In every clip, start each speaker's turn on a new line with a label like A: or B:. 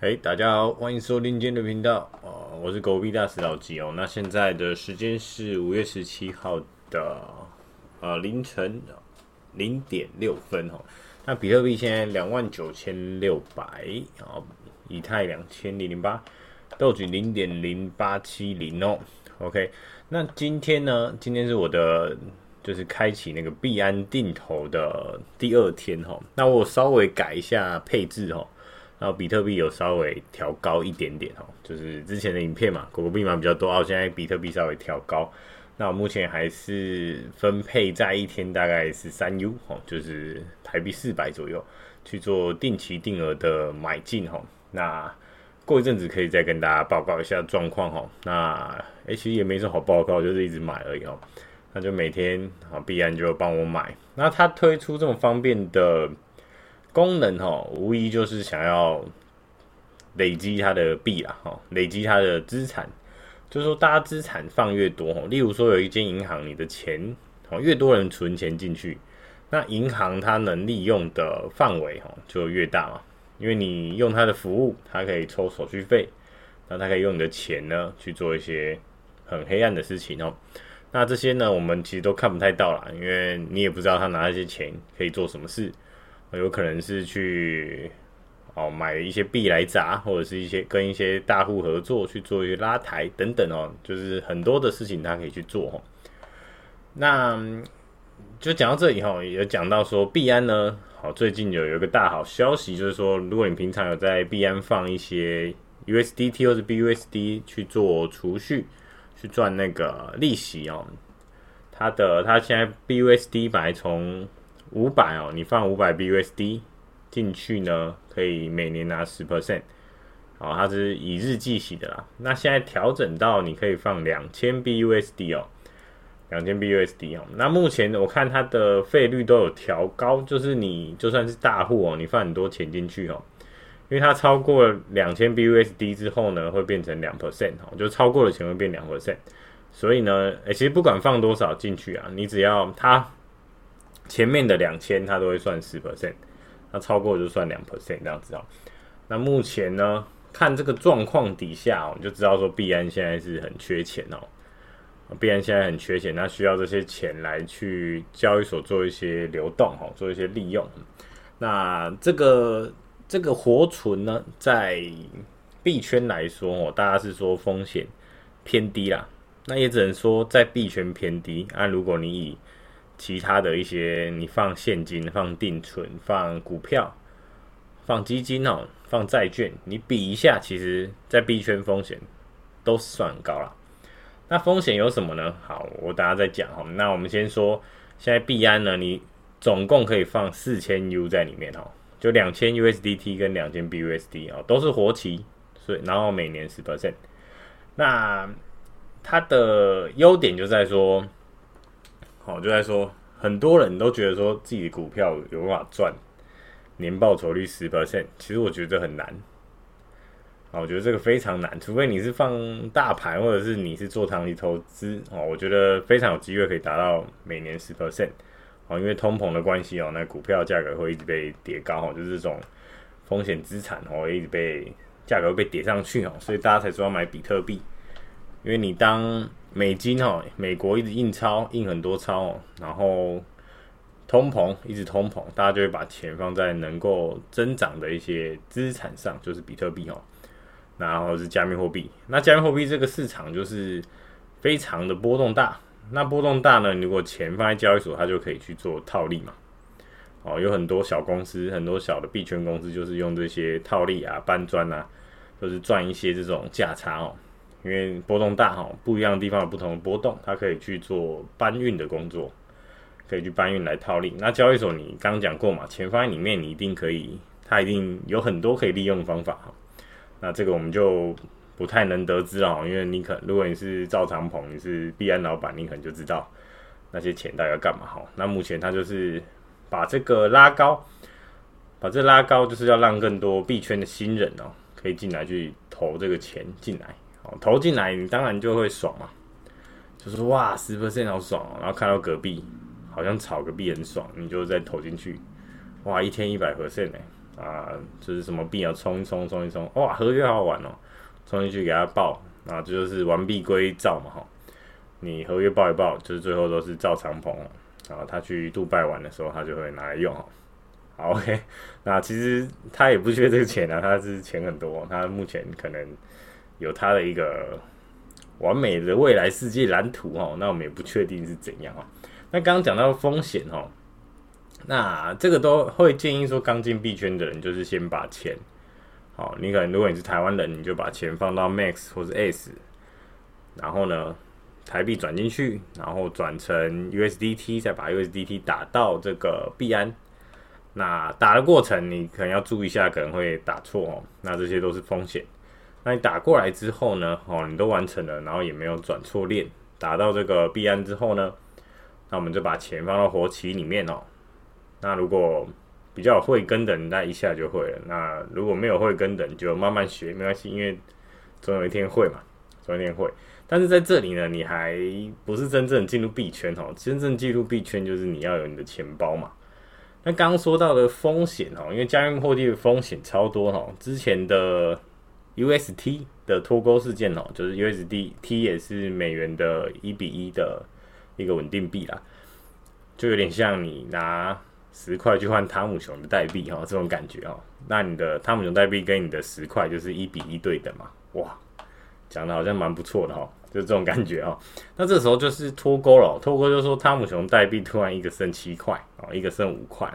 A: 嘿，hey, 大家好，歡迎收聽今天的頻道哦、呃，我是狗幣大師老吉哦。那現在的時間是五月十七號的呃凌晨零點六分、哦、那比特幣現在兩萬九千六百哦，以太兩千零零八，Doge 零點零八七零哦。OK，那今天呢？今天是我的就是開啟那個幣安定投的第二天哈、哦。那我稍微改一下配置哈、哦。然後比特幣有稍微調高一點點哦，就是之前的影片嘛，狗狗幣嘛比較多，現在比特幣稍微調高，那我目前還是分配在一天大概是三 U 哦，就是台幣四百左右去做定期定額的買進哈。那過一陣子可以再跟大家報告一下狀況哈。那誒其實也沒什麼好報告，就是一直買而已哈。那就每天好幣安就幫我買。那它推出這種方便的功能哦，無疑就是想要累積它的幣啦，哈，累積它的資產，就是說，大家資產放越多，哈，例如說有一間銀行，你的錢，哦，越多人存錢進去，那銀行它能利用的範圍，哈，就越大嘛，因為你用它的服務，它可以抽手續費，那它可以用你的錢呢去做一些很黑暗的事情哦，那這些呢，我們其實都看不太到啦，因為你也不知道他拿這些錢可以做什麼事。有可能是去哦買一些幣來砸，或者是一些跟一些大戶合作去做一些拉抬等等哦，就是很多的事情他可以去做哦。那，就講到這裡哈、哦，也講到說幣安呢，好、哦、最近有有一個大好消息，就是說如果你平常有在幣安放一些 USDT 或者 BUSD 去做儲蓄，去賺那個利息哦，他的他現在 BUSD 本來從五百哦，你放五百 BUSD 進去呢，可以每年拿十 percent，好，它是以日計息的啦。那現在調整到你可以放兩千 BUSD 哦，兩千 BUSD 哦。那目前我看它的費率都有調高，就是你就算是大戶哦，你放很多錢進去哦，因為它超過兩千 BUSD 之後呢，會變成兩 percent 哦，就超過的錢會變兩 percent。所以呢，誒、欸，其實不管放多少進去啊，你只要它。前面的兩千，它都會算十 percent，那超過就算兩 percent 這樣子哦。那目前呢，看這個狀況底下哦，我們就知道說幣安現在是很缺錢哦，幣安現在很缺錢，那需要這些錢來去交易所做一些流動哈，做一些利用。那這個這個活存呢，在幣圈來說哦，大家是說風險偏低啦，那也只能說在幣圈偏低。那，啊，如果你以其他的一些，你放現金、放定存、放股票、放基金哦、放債券，你比一下，其實在幣圈風險都算高了。那風險有什麼呢？好，我等下再講哦。那我們先說，現在幣安呢，你總共可以放四千 U 在裡面哦，就兩千 USDT 跟兩千 BUSD 啊，都是活期，所以然後每年十 percent。那它的優點就在說。我就在說，很多人都覺得說自己的股票有辦法賺年報酬率十 percent，其實我覺得很難。啊，我覺得這個非常難，除非你是放大盤，或者是你是做長期投資哦，我覺得非常有機會可以達到每年十 percent。因為通膨的關係哦，那個、股票價格會一直被疊高，就是這種風險資產哦，一直被價格被疊上去哦，所以大家才說要買比特幣，因為你當。美金哦，美國一直印鈔，印很多鈔哦，然後通膨，一直通膨，大家就會把錢放在能夠增長的一些資產上，就是比特幣哦，然後是加密貨幣。那加密貨幣這個市場就是非常的波動大。那波動大呢，你如果錢放在交易所，它就可以去做套利嘛。哦，有很多小公司，很多小的幣圈公司就是用這些套利啊、搬磚啊，就是賺一些這種價差哦。因為波動大哈，不一樣的地方有不同的波動，它可以去做搬運的工作，可以去搬運來套利。那交易所你剛講過嘛，錢放在裡面，你一定可以，它一定有很多可以利用的方法哈。那這個我們就不太能得知了，因為你可，如果你是趙長鵬，你是幣安老板，你可能就知道那些錢大概要幹嘛哈。那目前它就是把這個拉高，把這個拉高就是要讓更多幣圈的新人哦，可以進來去投這個錢進來。投進來，你當然就會爽嘛，就是說哇十 percent 好爽、喔、然後看到隔壁好像炒隔壁很爽，你就再投進去，哇一天一百 percent 呢，啊就是什麼幣要衝一衝衝一衝，哇合約好玩哦、喔，衝進去給他爆，啊這就是完璧歸趙嘛哈，你合約爆一爆，就是最後都是趙長鵬，然後他去杜拜玩的時候，他就會拿來用，好，OK，那其實他也不缺這個錢啊，他是錢很多，他目前可能。有他的一個完美的未來世界藍圖哦，那我們也不確定是怎樣哦、啊，那剛剛講到風險哦，那這個都會建議說，剛進幣圈的人就是先把錢，好、哦，你可能如果你是台灣人，你就把錢放到 Max 或是 S，然後呢台幣轉進去，然後轉成 USDT，再把 USDT 打到這個幣安。那打的過程你可能要注意一下，可能會打錯哦。那這些都是風險。那你打過來之後呢，哦，你都完成了，然後也沒有轉錯鏈，打到這個幣安之後呢，那我們就把錢放到活期裡面哦。那如果比較會跟的，那一下就會了。那如果沒有會跟的，你就慢慢學，沒關係，因為總有一天會嘛，總有一天會。但是在這裡呢，你還不是真正進入幣圈哦。真正進入幣圈就是你要有你的錢包嘛。那剛剛說到的風險哦，因為加密貨幣的風險超多哦，之前的。UST 的脫鈎事件哦，就是 USDT 也是美元的一比一的一個穩定幣啦，就有點像你拿十塊去換湯姆熊的代幣哦，這種感覺哦。那你的湯姆熊代幣跟你的十塊就是一比一對等嘛？哇，講得好像蠻不錯的哦，就是這種感覺哦。那這時候就是脫鈎了哦，脫鈎就是說湯姆熊代幣突然一個升七塊哦，一個升五塊，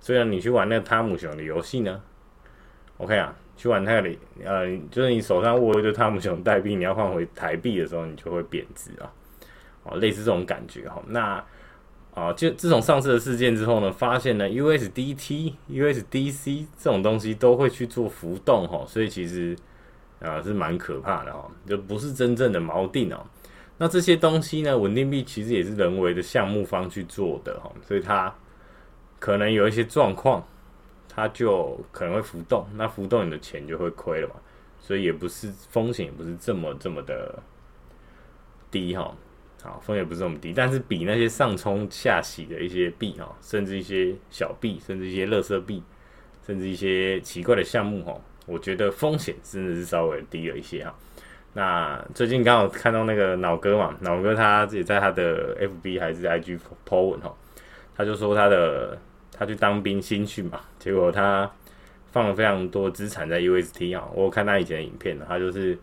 A: 所以你去玩那個湯姆熊的遊戲呢？OK 啊。去玩那裡，呃，就是你手上握一堆湯姆熊代幣，你要換回台幣的時候，你就會貶值啊，哦，類似這種感覺哈、哦。那啊、哦，就自從上次的事件之後呢，發現呢，USDT、USDC USD 這種東西都會去做浮動哈、哦，所以其實啊、呃、是蠻可怕的哈、哦，就不是真正的錨定哦。那這些東西呢，穩定幣其實也是人為的項目方去做的哈、哦，所以它可能有一些狀況。它就可能會浮動，那浮動你的錢就會虧了嘛，所以也不是風險也不是這麼這麼的低哈，好風險也不是這麼低，但是比那些上衝下洗的一些幣哈，甚至一些小幣，甚至一些垃圾幣，甚至一些奇怪的項目哈，我覺得風險真的是稍微低了一些哈。那最近剛好看到那個腦哥嘛，腦哥他自己在他的 FB 還是 IG PO 文哈，他就說他的。他去當兵新訓嘛，結果他放了非常多資產在 UST 啊，我看他以前的影片，他就是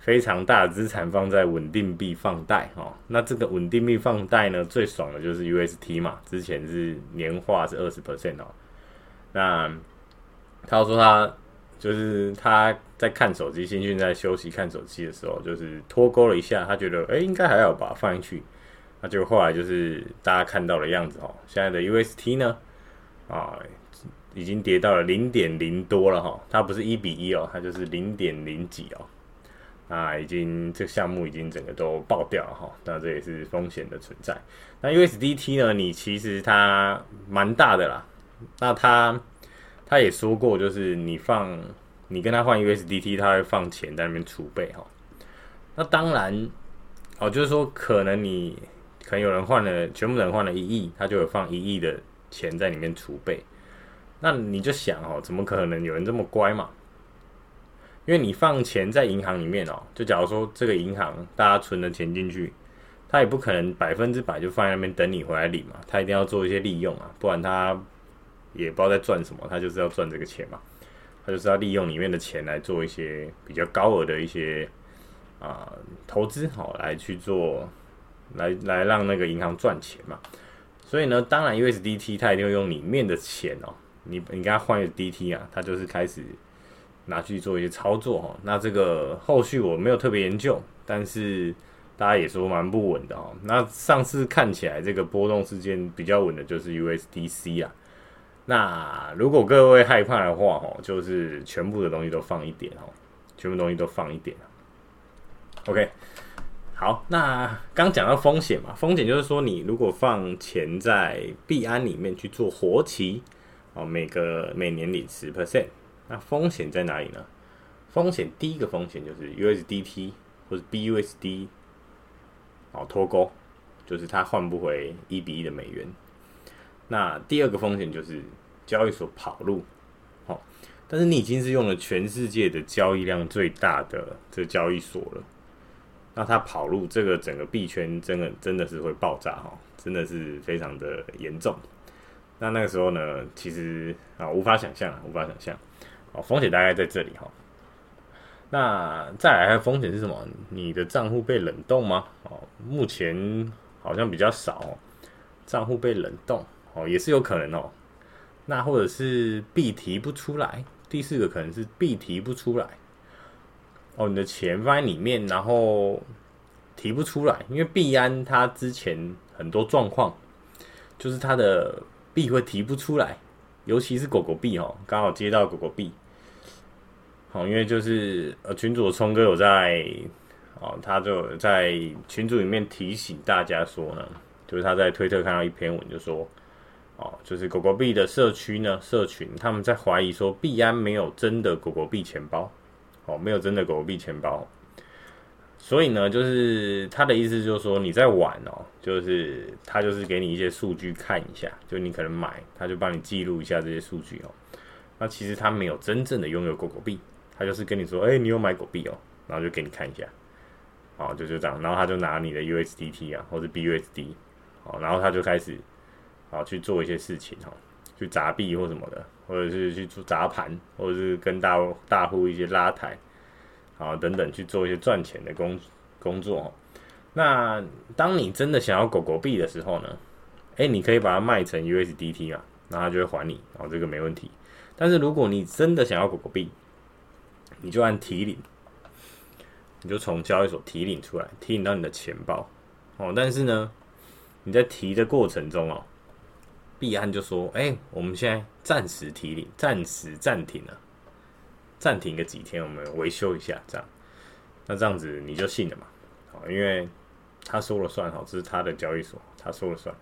A: 非常大的資產放在穩定幣放貸哦，那這個穩定幣放貸呢，最爽的就是 UST 嘛，之前是年化是二十 percent 哦，那他說他就是他在看手機新訓在休息看手機的時候，就是脫鈎了一下，他覺得哎、欸、應該還好吧放進去，那就後來就是大家看到的樣子哦，現在的 UST 呢？啊，已經跌到了零點零多了哈，它不是一比一哦，它就是零點零幾哦。那、啊、已經這個項目已經整個都爆掉了哈，那這也是風險的存在。那 USDT 呢？你其實它蠻大的啦，那他他也說過，就是你放，你跟他換 USDT，他會放錢在那邊儲備哈。那當然，哦，就是說可能你可能有人換了，全部人換了一億，他就有放一億的。錢在裡面儲備，那你就想哦，怎麼可能有人這麼乖嘛？因為你放錢在銀行裡面哦，就假如說這個銀行大家存的錢進去，他也不可能百分之百就放在那邊等你回來領嘛，他一定要做一些利用啊，不然他也不知道在賺什麼，他就是要賺這個錢嘛，他就是要利用裡面的錢來做一些比較高額的一些啊、呃、投資好、哦、來去做，來來讓那個銀行賺錢嘛。所以呢，當然 USDT 它一定會用裡面的錢哦，你你給他換一個 DT 啊，它就是開始拿去做一些操作哈。那這個後續我沒有特別研究，但是大家也說蠻不穩的哦。那上次看起來這個波動之間比較穩的就是 USDC 啊。那如果各位害怕的話哈，就是全部的東西都放一點哦，全部東西都放一點。OK。好，那剛講到風險嘛，風險就是說，你如果放錢在幣安裡面去做活期哦，每個每年領十 percent，那風險在哪裡呢？風險第一個風險就是 USDT 或者 BUSD 哦脫鈎，就是它換不回一比一的美元。那第二個風險就是交易所跑路，好、哦，但是你已經是用了全世界的交易量最大的這交易所了。那他跑路，這個整個幣圈真的真的是會爆炸哦，真的是非常的嚴重。那那個時候呢，其實啊無法想象，無法想象。哦，風險大概在這裡哈、哦。那再來的，風險是什麼？你的賬戶被冷凍嗎？哦，目前好像比較少、哦，賬戶被冷凍哦，也是有可能哦。那或者是幣提不出來，第四個可能是幣提不出來。哦，你的錢放在裡面，然後提不出來，因為幣安它之前很多狀況，就是它的幣會提不出來，尤其是狗狗幣哦，剛好接到狗狗幣。好，哦，因為就是呃，群主的聰哥有在哦，他就有在群組裡面提醒大家說呢，就是他在推特看到一篇文，就說哦，就是狗狗幣的社區呢，社群他們在懷疑說幣安沒有真的狗狗幣錢包。哦，沒有真的狗狗幣錢包，所以呢，就是他的意思就是說，你在玩哦，就是他就是給你一些數據看一下，就你可能買，他就幫你記錄一下這些數據哦。那其實他沒有真正的擁有狗狗幣，他就是跟你說，哎、欸，你有買狗幣哦，然後就給你看一下，哦，就是這樣，然後他就拿你的 USDT 啊或者 BUSD，哦，然後他就開始啊去做一些事情哦，去砸幣或什麼的。或者是去做砸盤，或者是跟大大戶一些拉抬，啊等等去做一些賺錢的工工作。那當你真的想要狗狗幣的時候呢？哎、欸，你可以把它賣成 USDT 嘛，那它就會還你，哦，這個沒問題。但是如果你真的想要狗狗幣，你就按提領，你就從交易所提領出來，提領到你的錢包。哦，但是呢，你在提的過程中哦。幣安就說：“哎、欸，我們現在暫時提，暫時暫停了，暫停個幾天，我們維修一下，這樣。那這樣子你就信了嘛？好，因為他說了算，好，這是他的交易所，他說了算，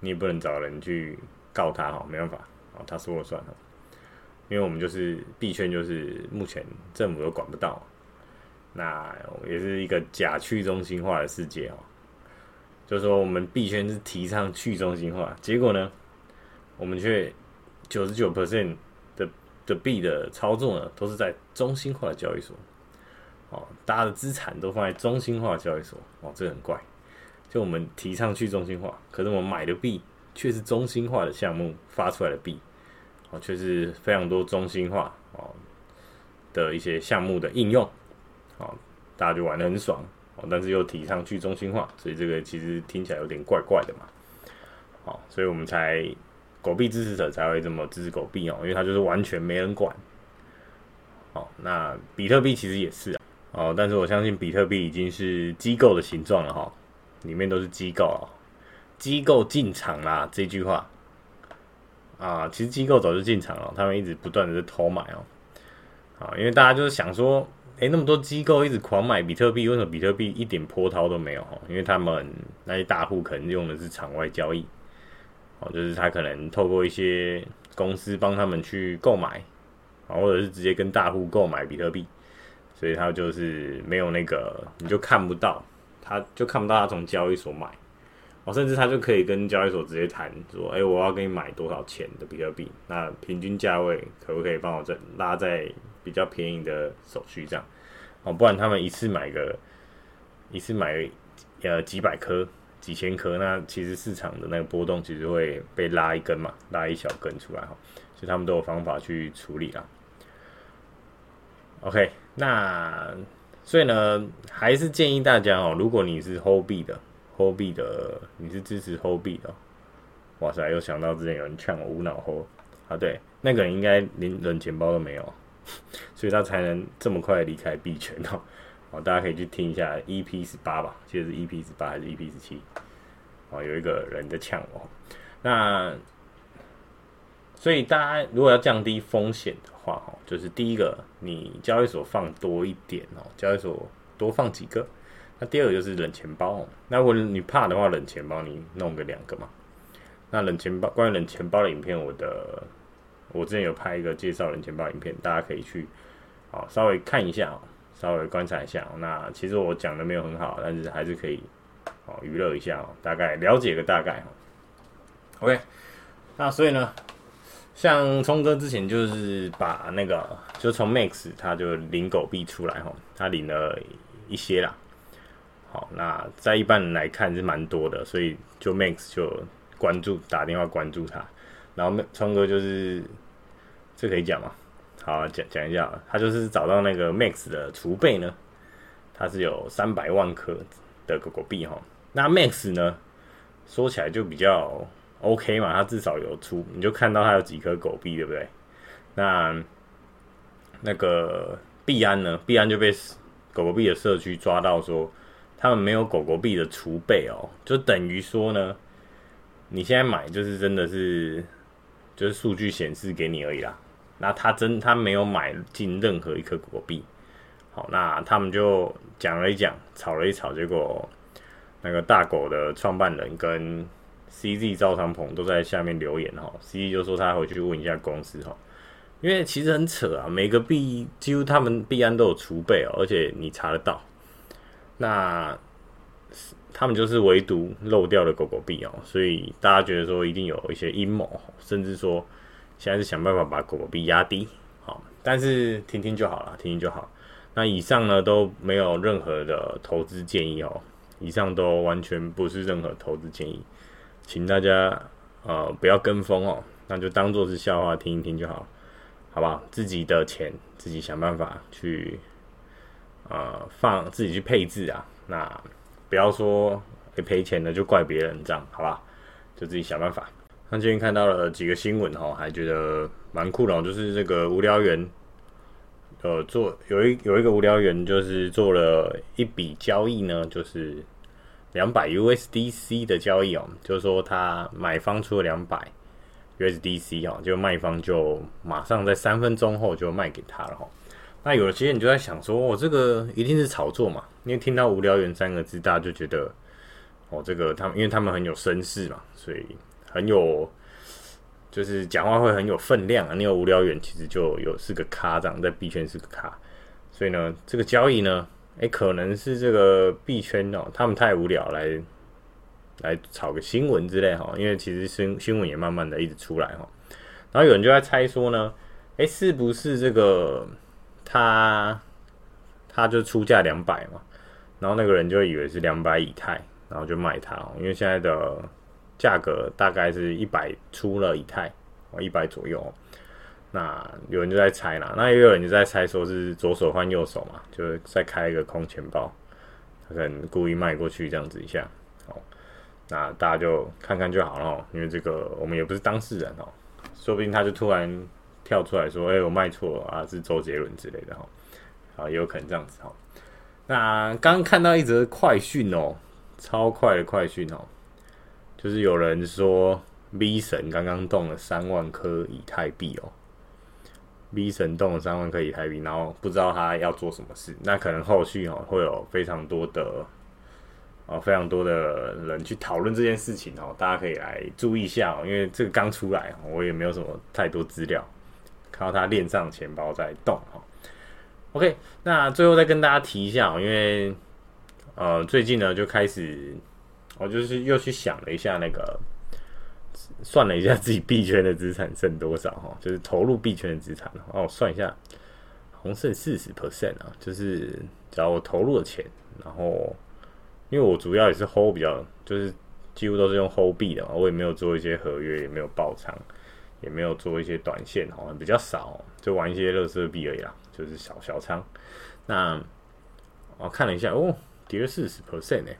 A: 你也不能找人去告他，哈，沒辦法，他說了算，哈，因為我們就是幣圈，就是目前政府又管不到，那也是一個假去中心化的世界，哦，就是說我們幣圈是提倡去中心化，結果呢？”我們卻九十九 percent 的的幣的操作呢，都是在中心化的交易所，哦，大家的資產都放在中心化的交易所，哦，這個很怪。就我們提倡去中心化，可是我們買的幣卻是中心化的項目發出來的幣，哦，卻是非常多中心化哦的一些項目的應用，哦，大家就玩的很爽，哦，但是又提倡去中心化，所以這個其實聽起來有點怪怪的嘛，哦，所以我們才。狗幣支持者才會這麼支持狗幣哦，因為他就是完全沒人管。哦，那比特幣其實也是啊，哦，但是我相信比特幣已經是機構的形狀了哈、哦，裡面都是機構、哦，機構進場啦這句話啊，其實機構早就進場了，他們一直不斷的在偷買哦，啊、哦，因為大家就是想說，哎、欸，那麼多機構一直狂買比特幣，為什麼比特幣一點波濤都沒有、哦？哈，因為他們那些大戶可能用的是場外交易。哦，就是他可能透過一些公司幫他們去購買，啊，或者是直接跟大戶購買比特幣，所以他就是沒有那個，你就看不到，他就看不到他從交易所買，哦，甚至他就可以跟交易所直接談說，哎，我要給你買多少錢的比特幣，那平均價位可不可以幫我再拉在比較便宜的手續這樣，哦，不然他們一次買個一次買呃幾百顆。幾千顆，那其實市場的那個波動其實會被拉一根嘛，拉一小根出來哈，所以他們都有方法去處理啦。OK，那所以呢，還是建議大家哦、喔，如果你是 hold 幣的，hold 幣的，你是支持 hold 幣的，哇塞，又想到之前有人勸我無腦 hold 啊，對，那個人應該連人錢包都沒有，所以他才能這麼快離開幣圈哦。大家可以去聽一下 EP 十八吧，其實是 EP 十八還是 EP 十七？哦，有一個人在嗆我。那所以大家如果要降低風險的話，就是第一個，你交易所放多一點哦，交易所多放幾個。那第二個就是冷錢包。那如果你怕的話，冷錢包你弄個兩個嘛。那冷錢包關於冷錢包的影片，我的我之前有拍一個介紹冷錢包的影片，大家可以去啊稍微看一下。稍微觀察一下，那其實我講的沒有很好，但是還是可以哦娛樂一下哦，大概了解個大概哈。OK，那所以呢，像聰哥之前就是把那個就從 Max 他就領狗幣出來哈，他領了一些啦。好，那在一般人來看是蠻多的，所以就 Max 就關注，打電話關注他，然後聰哥就是這可以講嗎？好啊，講講一下，他就是找到那個 Max 的儲備呢，它是有三百萬顆的狗狗幣哈。那 Max 呢，說起來就比較 OK 嘛，它至少有出，你就看到它有幾顆狗幣，對不對？那那個幣安呢，幣安就被狗狗幣的社區抓到說，他們沒有狗狗幣的儲備哦，就等於說呢，你現在買就是真的是，就是數據顯示給你而已啦。那他真他沒有買進任何一顆狗狗幣，好，那他們就講了一講，吵了一吵，結果那個大狗的創辦人跟 CZ 趙長鵬都在下面留言哦、喔、CZ 就說他回去問一下公司哈、喔，因為其實很扯啊，每個幣幾乎他們幣安都有儲備哦、喔，而且你查得到，那他們就是唯獨漏掉了狗狗幣哦、喔，所以大家覺得說一定有一些陰謀，甚至說。現在是想辦法把狗狗幣壓低，好，但是聽聽就好了，聽聽就好。那以上呢都沒有任何的投資建議哦，以上都完全不是任何投資建議，請大家呃不要跟風哦，那就當做是笑話聽一聽就好，好不好？自己的錢自己想辦法去呃放自己去配置啊，那不要說欸、賠錢的，就怪別人，這樣好不好？就自己想辦法。那今天看到了幾個新聞哦，還覺得蠻酷的哦。就是這個無聊猿，呃，做有一有一個無聊猿，就是做了一筆交易呢，就是兩百 USDC 的交易哦。就是說他買方出了兩百 USDC 哦，就賣方就馬上在三分鐘後就賣給他了哈。那有的時間你就在想說，說，哦，我這個一定是炒作嘛？因為聽到“無聊猿”三個字，大家就覺得哦，這個他們因為他們很有聲勢嘛，所以。很有，就是講話會很有分量。啊。那個無聊遠，其實就有四個卡這樣在幣圈四個卡，所以呢，這個交易呢，哎、欸，可能是這個幣圈哦、喔，他們太無聊來來炒個新聞之類哈、喔，因為其實新新聞也慢慢的一直出來哈、喔，然後有人就在猜說呢，哎、欸，是不是這個他他就出價兩百嘛，然後那個人就以為是兩百以太，然後就賣他哦、喔，因為現在的。價格大概是一百出了以太，哦，一百左右。那有人就在猜啦，那也有人就在猜，說是左手換右手嘛，就是再開一個空錢包，他可能故意賣過去這樣子一下。好，那大家就看看就好了，因為這個我們也不是當事人哦。說不定他就突然跳出來說：“哎、欸，我賣錯了啊，是周杰倫之類的。好”哈啊，也有可能這樣子哈。那剛看到一則快訊哦，超快的快訊哦。就是有人說，V 神剛剛動了三萬顆以太幣哦，V 神動了三萬顆以太幣，然後不知道他要做什麼事，那可能後續哦、喔、會有非常多的，非常多的人去討論這件事情哦、喔，大家可以來注意一下哦、喔，因為這個剛出來，我也沒有什麼太多資料，看到他鏈上錢包在動哦、喔。OK，那最後再跟大家提一下哦、喔，因為呃最近呢就開始。我就是又去想了一下，那個算了一下自己幣圈的資產剩多少哈，就是投入幣圈的資產哦，然後我算一下，還剩四十 percent 啊，就是只要我投入了錢，然後因為我主要也是 hold 比較，就是幾乎都是用 hold 幣的嘛，我也沒有做一些合約，也沒有爆倉，也沒有做一些短線，好像比較少，就玩一些樂色幣而已啦，就是小小倉。那我看了一下，哦，跌了四十 percent 呢。欸。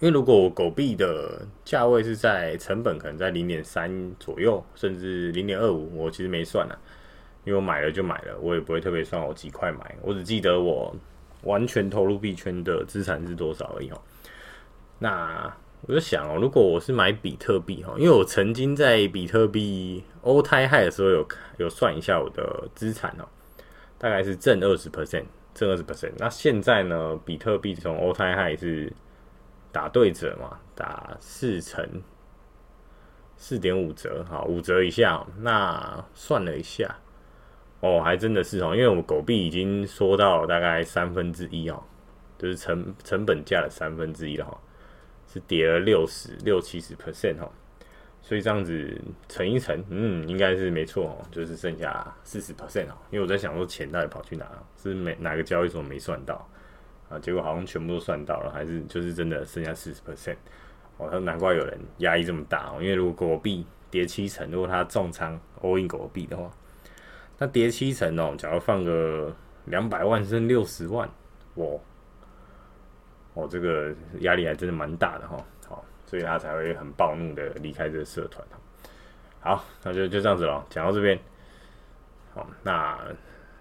A: 因為如果我狗幣的價位是在成本可能在零點三左右，甚至零點二五，我其實沒算啊，因為我買了就買了，我也不會特別算我幾塊買，我只記得我完全投入幣圈的資產是多少而已哦。那我就想哦，如果我是買比特幣哈，因為我曾經在比特幣歐泰嗨的時候有有算一下我的資產哦，大概是正二十 percent，正二十 percent。那現在呢，比特幣從歐泰嗨是。打對折嘛，打四成、四點五折，哈，五折以下、哦。那算了一下，哦，還真的是哦，因為我們狗幣已經縮到大概三分之一哦，就是成成本價的三分之一了哈、哦，是跌了六十六七十 percent 哦，所以這樣子乘一乘，嗯，應該是沒錯哦，就是剩下四十 percent 哦。因為我在想說錢到底跑去哪了，是沒哪個交易所沒算到。啊，結果好像全部都算到了，還是就是真的剩下四十 percent。哦，他難怪有人壓力這麼大哦，因為如果國幣跌七成，如果他重倉 all in 國幣的話，那跌七成哦，假如放個兩百萬,萬，甚至六十萬，我、哦，我這個壓力還真的蠻大的哈、哦。好、哦，所以他才會很暴怒的離開這個社團。好，那就就這樣子嘍，講到這邊，好，那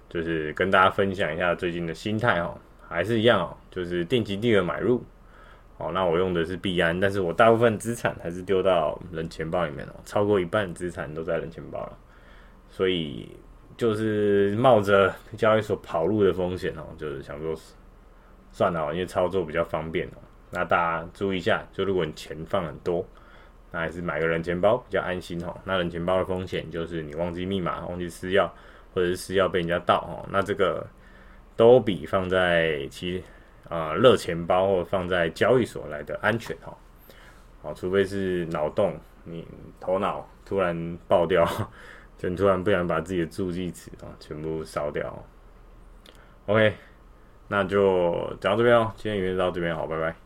A: 就是跟大家分享一下最近的心態哦。還是一樣哦，就是定期定額買入，哦，那我用的是幣安，但是我大部分資產還是丟到人錢包裡面哦，超過一半資產都在人錢包了，所以就是冒着交易所跑路的風險哦，就是想說算了哦，因為操作比較方便哦，那大家注意一下，就如果你錢放很多，那還是買個人錢包比較安心哦，那人錢包的風險就是你忘記密碼、忘記私鑰，或者是私鑰被人家盜哦，那這個。都比放在其啊呃、熱錢包或者放在交易所來的安全哈，好，除非是腦洞，你頭腦突然爆掉，就突然不想把自己的助記詞啊全部燒掉。OK，那就講到這邊哦，今天影片就到這邊好，拜拜。